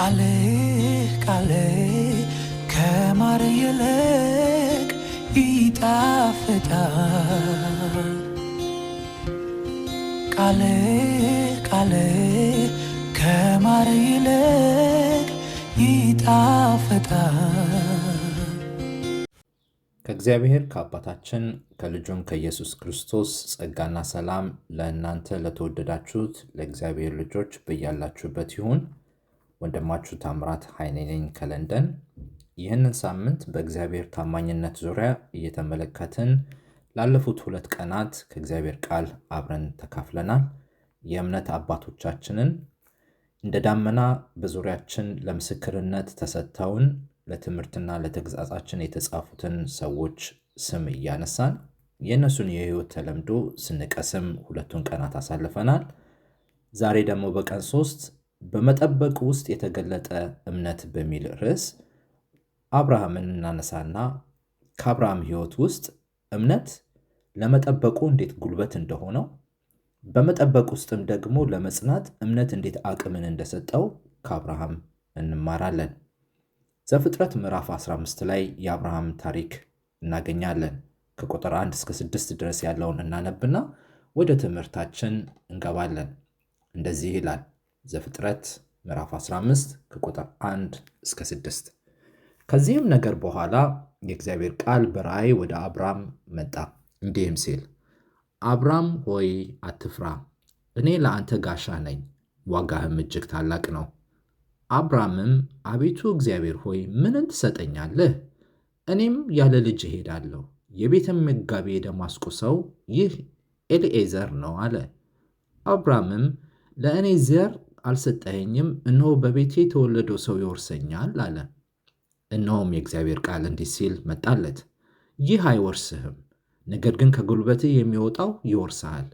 ቃሌ ቃሌ ከማር ይልቅ ይጣፍጣል። ቃሌ ቃሌ ከማር ይልቅ ይጣፍጣል። ከእግዚአብሔር ከአባታችን ከልጁም ከኢየሱስ ክርስቶስ ጸጋና ሰላም ለእናንተ ለተወደዳችሁት ለእግዚአብሔር ልጆች በያላችሁበት ይሁን። ወንድማችሁ ታምራት ሀይኔኔኝ ነኝ ከለንደን። ይህንን ሳምንት በእግዚአብሔር ታማኝነት ዙሪያ እየተመለከትን ላለፉት ሁለት ቀናት ከእግዚአብሔር ቃል አብረን ተካፍለናል። የእምነት አባቶቻችንን እንደ ዳመና በዙሪያችን ለምስክርነት ተሰጥተውን ለትምህርትና ለተግዛጻችን የተጻፉትን ሰዎች ስም እያነሳን የእነሱን የህይወት ተለምዶ ስንቀስም ሁለቱን ቀናት አሳልፈናል። ዛሬ ደግሞ በቀን ሶስት በመጠበቅ ውስጥ የተገለጠ እምነት በሚል ርዕስ አብርሃምን እናነሳና ከአብርሃም ሕይወት ውስጥ እምነት ለመጠበቁ እንዴት ጉልበት እንደሆነው በመጠበቅ ውስጥም ደግሞ ለመጽናት እምነት እንዴት አቅምን እንደሰጠው ከአብርሃም እንማራለን። ዘፍጥረት ምዕራፍ 15 ላይ የአብርሃም ታሪክ እናገኛለን። ከቁጥር 1 እስከ 6 ድረስ ያለውን እናነብና ወደ ትምህርታችን እንገባለን። እንደዚህ ይላል። ዘፍጥረት ምዕራፍ 15 ከቁጥር 1 እስከ 6። ከዚህም ነገር በኋላ የእግዚአብሔር ቃል በራእይ ወደ አብራም መጣ እንዲህም ሲል፣ አብራም ሆይ አትፍራ፣ እኔ ለአንተ ጋሻ ነኝ፣ ዋጋህም እጅግ ታላቅ ነው። አብራምም አቤቱ እግዚአብሔር ሆይ ምንን ትሰጠኛለህ? እኔም ያለ ልጅ እሄዳለሁ፣ የቤተ መጋቢ የደማስቆ ሰው ይህ ኤልኤዘር ነው አለ። አብራምም ለእኔ ዘር አልሰጠኸኝም፣ እነሆ በቤቴ የተወለደው ሰው ይወርሰኛል አለ። እነሆም የእግዚአብሔር ቃል እንዲህ ሲል መጣለት፣ ይህ አይወርስህም፣ ነገር ግን ከጉልበትህ የሚወጣው ይወርስሃል።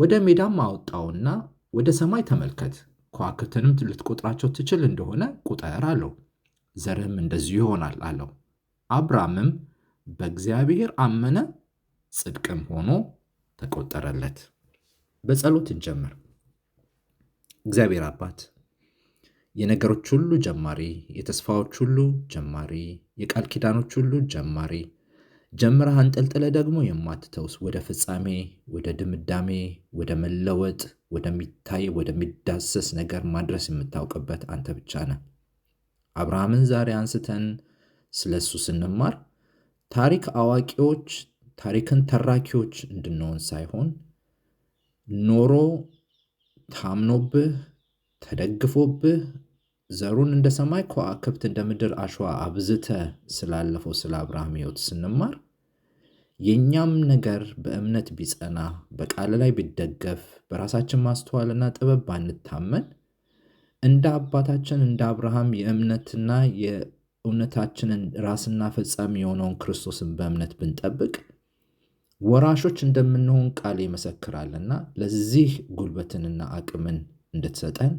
ወደ ሜዳም አወጣውና ወደ ሰማይ ተመልከት፣ ከዋክብትንም ልትቆጥራቸው ትችል እንደሆነ ቁጠር አለው። ዘርህም እንደዚሁ ይሆናል አለው። አብራምም በእግዚአብሔር አመነ፣ ጽድቅም ሆኖ ተቆጠረለት። በጸሎት እንጀምር። እግዚአብሔር አባት የነገሮች ሁሉ ጀማሪ፣ የተስፋዎች ሁሉ ጀማሪ፣ የቃል ኪዳኖች ሁሉ ጀማሪ ጀምረህ አንጠልጥለ ደግሞ የማትተውስ ወደ ፍጻሜ፣ ወደ ድምዳሜ፣ ወደ መለወጥ፣ ወደሚታይ፣ ወደሚዳሰስ ነገር ማድረስ የምታውቅበት አንተ ብቻ ነ አብርሃምን ዛሬ አንስተን ስለ እሱ ስንማር ታሪክ አዋቂዎች፣ ታሪክን ተራኪዎች እንድንሆን ሳይሆን ኖሮ ታምኖብህ ተደግፎብህ ዘሩን እንደ ሰማይ ከዋክብት እንደ ምድር አሸዋ አብዝተ ስላለፈው ስለ አብርሃም ሕይወት ስንማር የእኛም ነገር በእምነት ቢጸና በቃል ላይ ቢደገፍ በራሳችን ማስተዋልና ጥበብ ባንታመን እንደ አባታችን እንደ አብርሃም የእምነትና የእውነታችንን ራስና ፈጻሚ የሆነውን ክርስቶስን በእምነት ብንጠብቅ ወራሾች እንደምንሆን ቃል ይመሰክራልና ለዚህ ጉልበትንና አቅምን እንድትሰጠን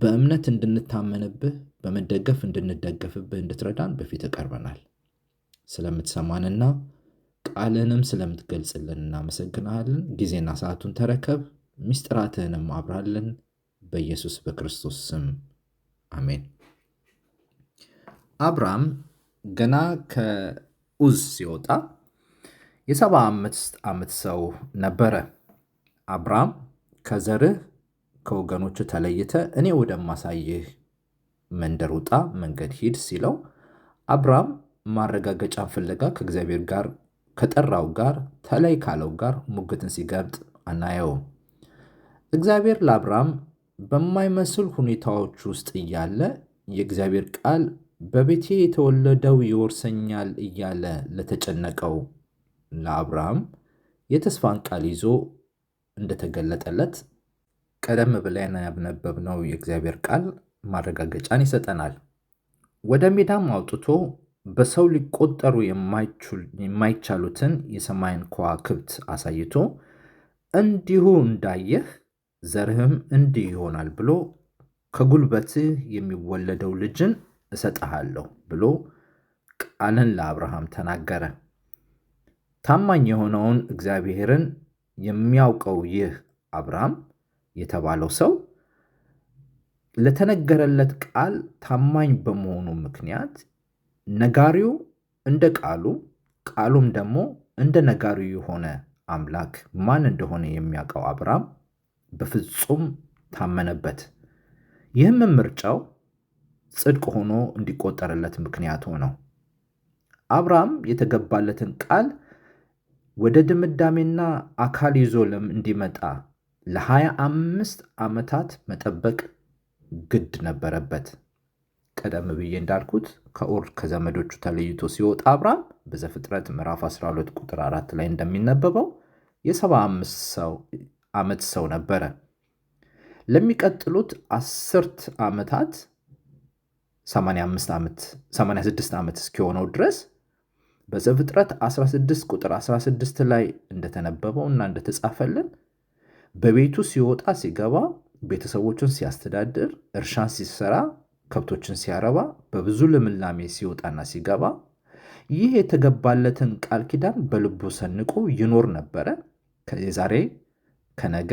በእምነት እንድንታመንብህ በመደገፍ እንድንደገፍብህ እንድትረዳን በፊት ቀርበናል። ስለምትሰማንና ቃልንም ስለምትገልጽልን እናመሰግናለን ጊዜና ሰዓቱን ተረከብ፣ ሚስጥራትህንም አብራልን። በኢየሱስ በክርስቶስ ስም አሜን። አብርሃም ገና ከኡዝ ሲወጣ የሰባ አምስት ዓመት ሰው ነበረ። አብርሃም ከዘርህ ከወገኖች ተለይተ እኔ ወደማሳይህ መንደር ውጣ፣ መንገድ ሂድ ሲለው አብርሃም ማረጋገጫን ፍለጋ ከእግዚአብሔር ጋር ከጠራው ጋር ተለይ ካለው ጋር ሙግትን ሲገብጥ አናየውም። እግዚአብሔር ለአብርሃም በማይመስል ሁኔታዎች ውስጥ እያለ የእግዚአብሔር ቃል በቤቴ የተወለደው ይወርሰኛል እያለ ለተጨነቀው ለአብርሃም የተስፋን ቃል ይዞ እንደተገለጠለት ቀደም ብለን ያነበብነው የእግዚአብሔር ቃል ማረጋገጫን ይሰጠናል። ወደ ሜዳም አውጥቶ በሰው ሊቆጠሩ የማይቻሉትን የሰማይን ከዋክብት አሳይቶ እንዲሁ እንዳየህ ዘርህም እንዲህ ይሆናል ብሎ ከጉልበትህ የሚወለደው ልጅን እሰጠሃለሁ ብሎ ቃልን ለአብርሃም ተናገረ። ታማኝ የሆነውን እግዚአብሔርን የሚያውቀው ይህ አብርሃም የተባለው ሰው ለተነገረለት ቃል ታማኝ በመሆኑ ምክንያት ነጋሪው እንደ ቃሉ ቃሉም ደግሞ እንደ ነጋሪው የሆነ አምላክ ማን እንደሆነ የሚያውቀው አብርሃም በፍጹም ታመነበት። ይህም ምርጫው ጽድቅ ሆኖ እንዲቆጠርለት ምክንያት ሆነው። አብርሃም የተገባለትን ቃል ወደ ድምዳሜና አካል ይዞ እንዲመጣ ለ አምስት ዓመታት መጠበቅ ግድ ነበረበት። ቀደም ብዬ እንዳልኩት ከኡር ከዘመዶቹ ተለይቶ ሲወጣ አብራም በዘፍጥረት ምዕራፍ 12 ቁጥር 4 ላይ እንደሚነበበው የ75 ዓመት ሰው ነበረ። ለሚቀጥሉት አስርት ዓመታት 86 ዓመት እስኪሆነው ድረስ በዘፍጥረት 16 ቁጥር 16 ላይ እንደተነበበው እና እንደተጻፈልን በቤቱ ሲወጣ ሲገባ፣ ቤተሰቦቹን ሲያስተዳድር፣ እርሻን ሲሰራ፣ ከብቶችን ሲያረባ፣ በብዙ ልምላሜ ሲወጣና ሲገባ ይህ የተገባለትን ቃል ኪዳን በልቡ ሰንቆ ይኖር ነበረ። የዛሬ ከነገ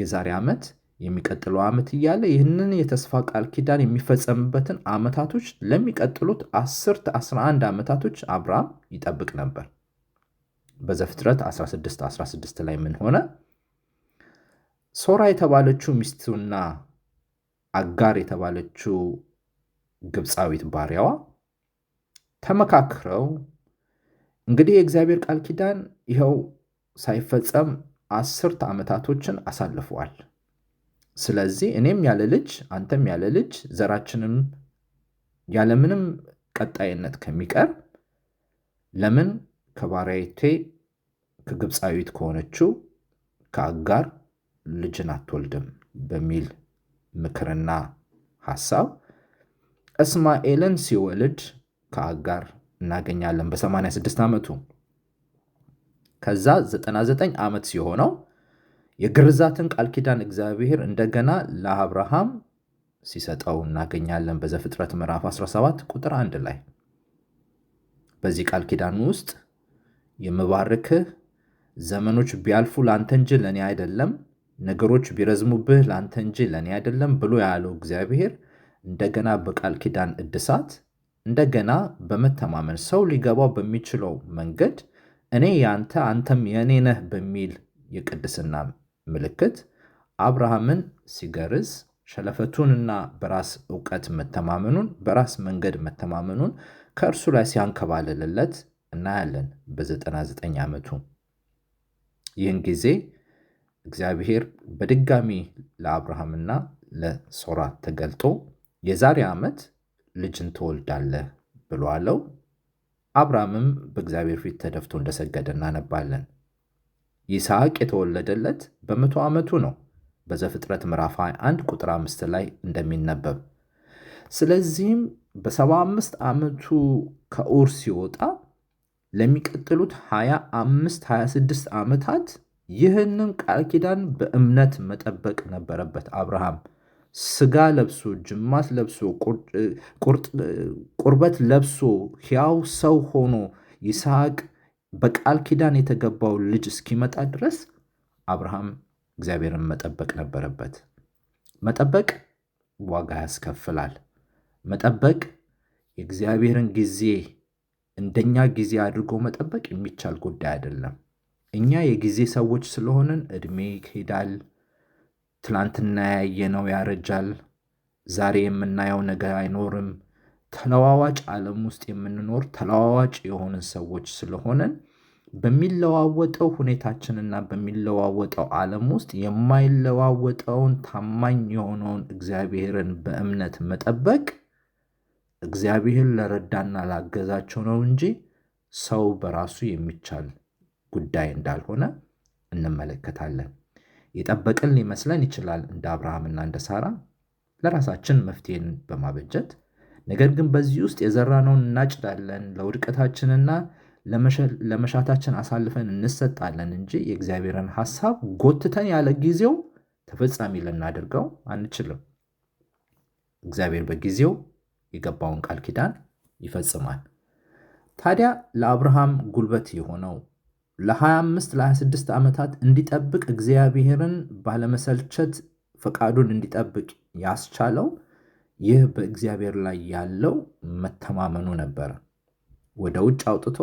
የዛሬ ዓመት የሚቀጥለው ዓመት እያለ ይህንን የተስፋ ቃል ኪዳን የሚፈጸምበትን ዓመታቶች ለሚቀጥሉት 10 11 ዓመታቶች አብርሃም ይጠብቅ ነበር። በዘፍጥረት 16 16 ላይ ምን ሆነ? ሶራ የተባለችው ሚስቱና አጋር የተባለችው ግብፃዊት ባሪያዋ ተመካክረው እንግዲህ የእግዚአብሔር ቃል ኪዳን ይኸው ሳይፈጸም አስርት ዓመታቶችን አሳልፈዋል። ስለዚህ እኔም ያለ ልጅ አንተም ያለ ልጅ ዘራችንም ያለምንም ቀጣይነት ከሚቀር ለምን ከባሪያይቴ ከግብፃዊት ከሆነችው ከአጋር ልጅን አትወልድም በሚል ምክርና ሐሳብ እስማኤልን ሲወልድ ከአጋር እናገኛለን በ86 ዓመቱ ከዛ 99 ዓመት ሲሆነው የግርዛትን ቃል ኪዳን እግዚአብሔር እንደገና ለአብርሃም ሲሰጠው እናገኛለን። በዘፍጥረት ምዕራፍ 17 ቁጥር 1 ላይ በዚህ ቃል ኪዳን ውስጥ የምባርክህ ዘመኖች ቢያልፉ ለአንተ እንጂ ለእኔ አይደለም፣ ነገሮች ቢረዝሙብህ ለአንተ እንጂ ለእኔ አይደለም ብሎ ያለው እግዚአብሔር እንደገና በቃል ኪዳን እድሳት እንደገና በመተማመን ሰው ሊገባው በሚችለው መንገድ እኔ ያንተ አንተም የእኔ ነህ በሚል የቅድስና ምልክት አብርሃምን ሲገርዝ ሸለፈቱንና በራስ እውቀት መተማመኑን በራስ መንገድ መተማመኑን ከእርሱ ላይ ሲያንከባልልለት እናያለን በ99 ዓመቱ። ይህን ጊዜ እግዚአብሔር በድጋሚ ለአብርሃምና ለሶራ ተገልጦ የዛሬ ዓመት ልጅን ትወልዳለህ ብሎ አለው። አብርሃምም በእግዚአብሔር ፊት ተደፍቶ እንደሰገደ እናነባለን። ይስሐቅ የተወለደለት በመቶ ዓመቱ ነው። በዘፍጥረት ምዕራፍ 21 ቁጥር 5 ላይ እንደሚነበብ ስለዚህም በ75 ዓመቱ ከኡር ሲወጣ ለሚቀጥሉት 25 26 ዓመታት ይህንን ቃል ኪዳን በእምነት መጠበቅ ነበረበት አብርሃም። ስጋ ለብሶ ጅማት ለብሶ ቁርበት ለብሶ ሕያው ሰው ሆኖ ይስሐቅ በቃል ኪዳን የተገባው ልጅ እስኪመጣ ድረስ አብርሃም እግዚአብሔርን መጠበቅ ነበረበት። መጠበቅ ዋጋ ያስከፍላል። መጠበቅ የእግዚአብሔርን ጊዜ እንደኛ ጊዜ አድርጎ መጠበቅ የሚቻል ጉዳይ አይደለም። እኛ የጊዜ ሰዎች ስለሆንን እድሜ ይሄዳል። ትላንትና ያየነው ያረጃል። ዛሬ የምናየው ነገር አይኖርም። ተለዋዋጭ ዓለም ውስጥ የምንኖር ተለዋዋጭ የሆንን ሰዎች ስለሆነን በሚለዋወጠው ሁኔታችንና በሚለዋወጠው ዓለም ውስጥ የማይለዋወጠውን ታማኝ የሆነውን እግዚአብሔርን በእምነት መጠበቅ እግዚአብሔር ለረዳና ላገዛቸው ነው እንጂ ሰው በራሱ የሚቻል ጉዳይ እንዳልሆነ እንመለከታለን። የጠበቅን ሊመስለን ይችላል። እንደ አብርሃምና እንደ ሳራ ለራሳችን መፍትሄን በማበጀት ነገር ግን በዚህ ውስጥ የዘራነውን እናጭዳለን፣ ለውድቀታችንና ለመሻታችን አሳልፈን እንሰጣለን እንጂ የእግዚአብሔርን ሐሳብ ጎትተን ያለ ጊዜው ተፈጻሚ ልናደርገው አንችልም። እግዚአብሔር በጊዜው የገባውን ቃል ኪዳን ይፈጽማል። ታዲያ ለአብርሃም ጉልበት የሆነው ለ25 ለ26 ዓመታት እንዲጠብቅ እግዚአብሔርን ባለመሰልቸት ፈቃዱን እንዲጠብቅ ያስቻለው ይህ በእግዚአብሔር ላይ ያለው መተማመኑ ነበረ። ወደ ውጭ አውጥቶ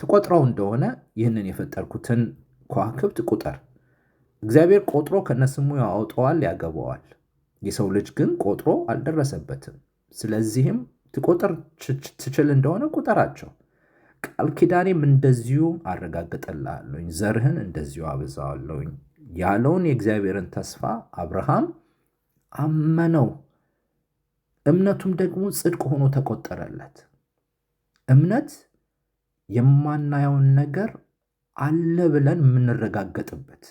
ትቆጥረው እንደሆነ ይህንን የፈጠርኩትን ከዋክብት ቁጥር እግዚአብሔር ቆጥሮ ከነስሙ ያወጣዋል፣ ያገባዋል። የሰው ልጅ ግን ቆጥሮ አልደረሰበትም። ስለዚህም ትቆጥር ትችል እንደሆነ ቁጠራቸው፣ ቃል ኪዳኔም እንደዚሁ አረጋግጥልሃለሁኝ፣ ዘርህን እንደዚሁ አበዛዋለሁኝ ያለውን የእግዚአብሔርን ተስፋ አብርሃም አመነው። እምነቱም ደግሞ ጽድቅ ሆኖ ተቆጠረለት። እምነት የማናየውን ነገር አለ ብለን የምንረጋገጥበት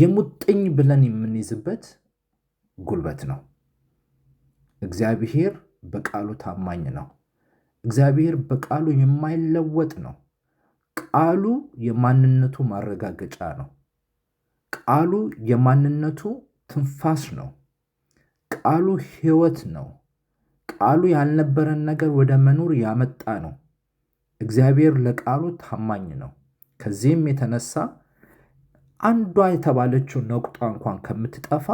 የሙጥኝ ብለን የምንይዝበት ጉልበት ነው። እግዚአብሔር በቃሉ ታማኝ ነው። እግዚአብሔር በቃሉ የማይለወጥ ነው። ቃሉ የማንነቱ ማረጋገጫ ነው። ቃሉ የማንነቱ ትንፋስ ነው። ቃሉ ሕይወት ነው። ቃሉ ያልነበረን ነገር ወደ መኖር ያመጣ ነው። እግዚአብሔር ለቃሉ ታማኝ ነው። ከዚህም የተነሳ አንዷ የተባለችው ነቁጣ እንኳን ከምትጠፋ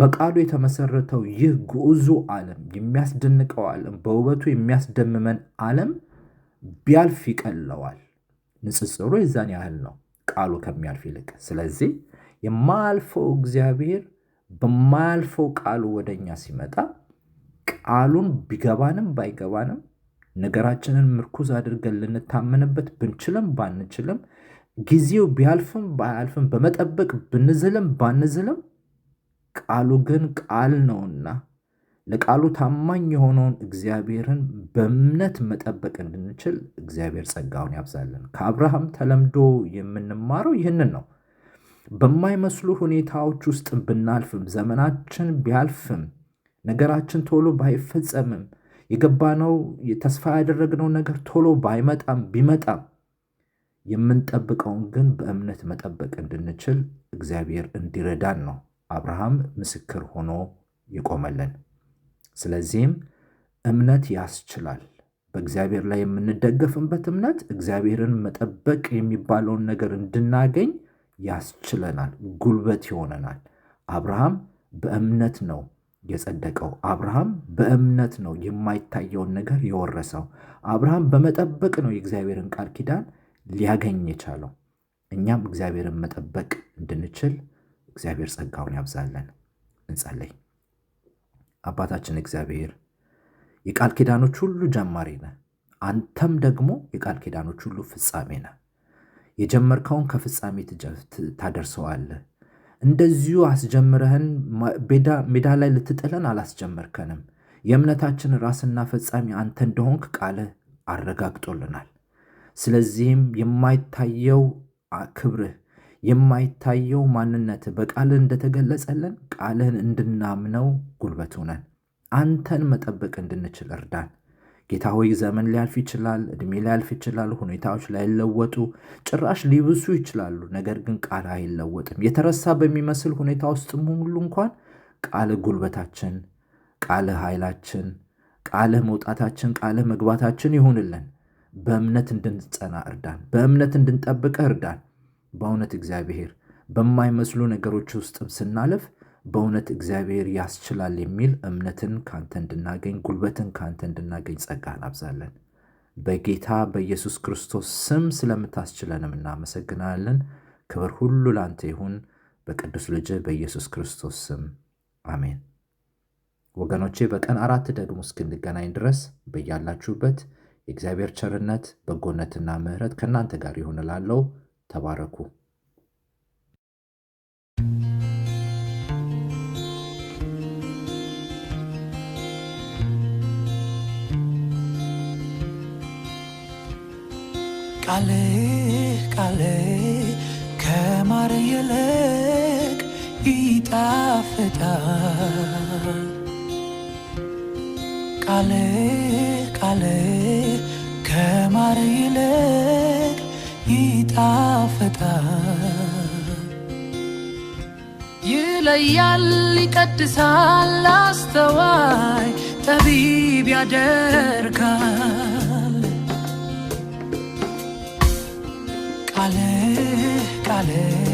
በቃሉ የተመሰረተው ይህ ግዑዙ ዓለም የሚያስደንቀው ዓለም በውበቱ የሚያስደምመን ዓለም ቢያልፍ ይቀለዋል። ንጽጽሩ የዛን ያህል ነው ቃሉ ከሚያልፍ ይልቅ። ስለዚህ የማያልፈው እግዚአብሔር በማያልፈው ቃሉ ወደ እኛ ሲመጣ ቃሉን ቢገባንም ባይገባንም ነገራችንን ምርኩዝ አድርገን ልንታመንበት ብንችልም ባንችልም ጊዜው ቢያልፍም ባያልፍም በመጠበቅ ብንዝልም ባንዝልም ቃሉ ግን ቃል ነውና ለቃሉ ታማኝ የሆነውን እግዚአብሔርን በእምነት መጠበቅ እንድንችል እግዚአብሔር ጸጋውን ያብዛልን። ከአብርሃም ተለምዶ የምንማረው ይህንን ነው። በማይመስሉ ሁኔታዎች ውስጥ ብናልፍም ዘመናችን ቢያልፍም ነገራችን ቶሎ ባይፈጸምም የገባነው ተስፋ ያደረግነው ነገር ቶሎ ባይመጣም ቢመጣም የምንጠብቀውን ግን በእምነት መጠበቅ እንድንችል እግዚአብሔር እንዲረዳን ነው አብርሃም ምስክር ሆኖ ይቆመልን። ስለዚህም እምነት ያስችላል። በእግዚአብሔር ላይ የምንደገፍበት እምነት እግዚአብሔርን መጠበቅ የሚባለውን ነገር እንድናገኝ ያስችለናል፣ ጉልበት ይሆነናል። አብርሃም በእምነት ነው የጸደቀው። አብርሃም በእምነት ነው የማይታየውን ነገር የወረሰው። አብርሃም በመጠበቅ ነው የእግዚአብሔርን ቃል ኪዳን ሊያገኝ የቻለው። እኛም እግዚአብሔርን መጠበቅ እንድንችል እግዚአብሔር ጸጋውን ያብዛለን። እንጸለይ። አባታችን እግዚአብሔር የቃል ኪዳኖች ሁሉ ጀማሪ ነህ፣ አንተም ደግሞ የቃል ኪዳኖች ሁሉ ፍጻሜ ነህ። የጀመርከውን ከፍጻሜ ታደርሰዋለህ። እንደዚሁ አስጀምረህን ሜዳ ላይ ልትጥለን አላስጀመርከንም። የእምነታችን ራስና ፈጻሚ አንተ እንደሆንክ ቃልህ አረጋግጦልናል። ስለዚህም የማይታየው ክብርህ የማይታየው ማንነትህ በቃልህ እንደተገለጸልን ቃልህን እንድናምነው ጉልበት ሆነን አንተን መጠበቅ እንድንችል እርዳን። ጌታ ሆይ ዘመን ሊያልፍ ይችላል፣ እድሜ ሊያልፍ ይችላል፣ ሁኔታዎች ላይለወጡ ጭራሽ ሊብሱ ይችላሉ። ነገር ግን ቃል አይለወጥም። የተረሳ በሚመስል ሁኔታ ውስጥም ሁሉ እንኳን ቃል ጉልበታችን፣ ቃል ኃይላችን፣ ቃል መውጣታችን፣ ቃል መግባታችን ይሁንልን። በእምነት እንድንጸና እርዳን። በእምነት እንድንጠብቅ እርዳን። በእውነት እግዚአብሔር በማይመስሉ ነገሮች ውስጥም ስናለፍ። በእውነት እግዚአብሔር ያስችላል የሚል እምነትን ካንተ እንድናገኝ፣ ጉልበትን ካንተ እንድናገኝ ጸጋ አብዛለን። በጌታ በኢየሱስ ክርስቶስ ስም ስለምታስችለንም እናመሰግናለን። ክብር ሁሉ ለአንተ ይሁን፣ በቅዱስ ልጅ በኢየሱስ ክርስቶስ ስም አሜን። ወገኖቼ በቀን አራት ደግሞ እስክንገናኝ ድረስ በያላችሁበት የእግዚአብሔር ቸርነት በጎነትና ምሕረት ከእናንተ ጋር ይሆንላለው። ተባረኩ። ቃል ቃል ከማር ይልቅ ይጣፍጣል። ቃል ቃል ከማር ይልቅ ይጣፍጣል። ይለያል፣ ይቀድሳል፣ አስተዋይ ጠቢብ ያደርጋል። calais.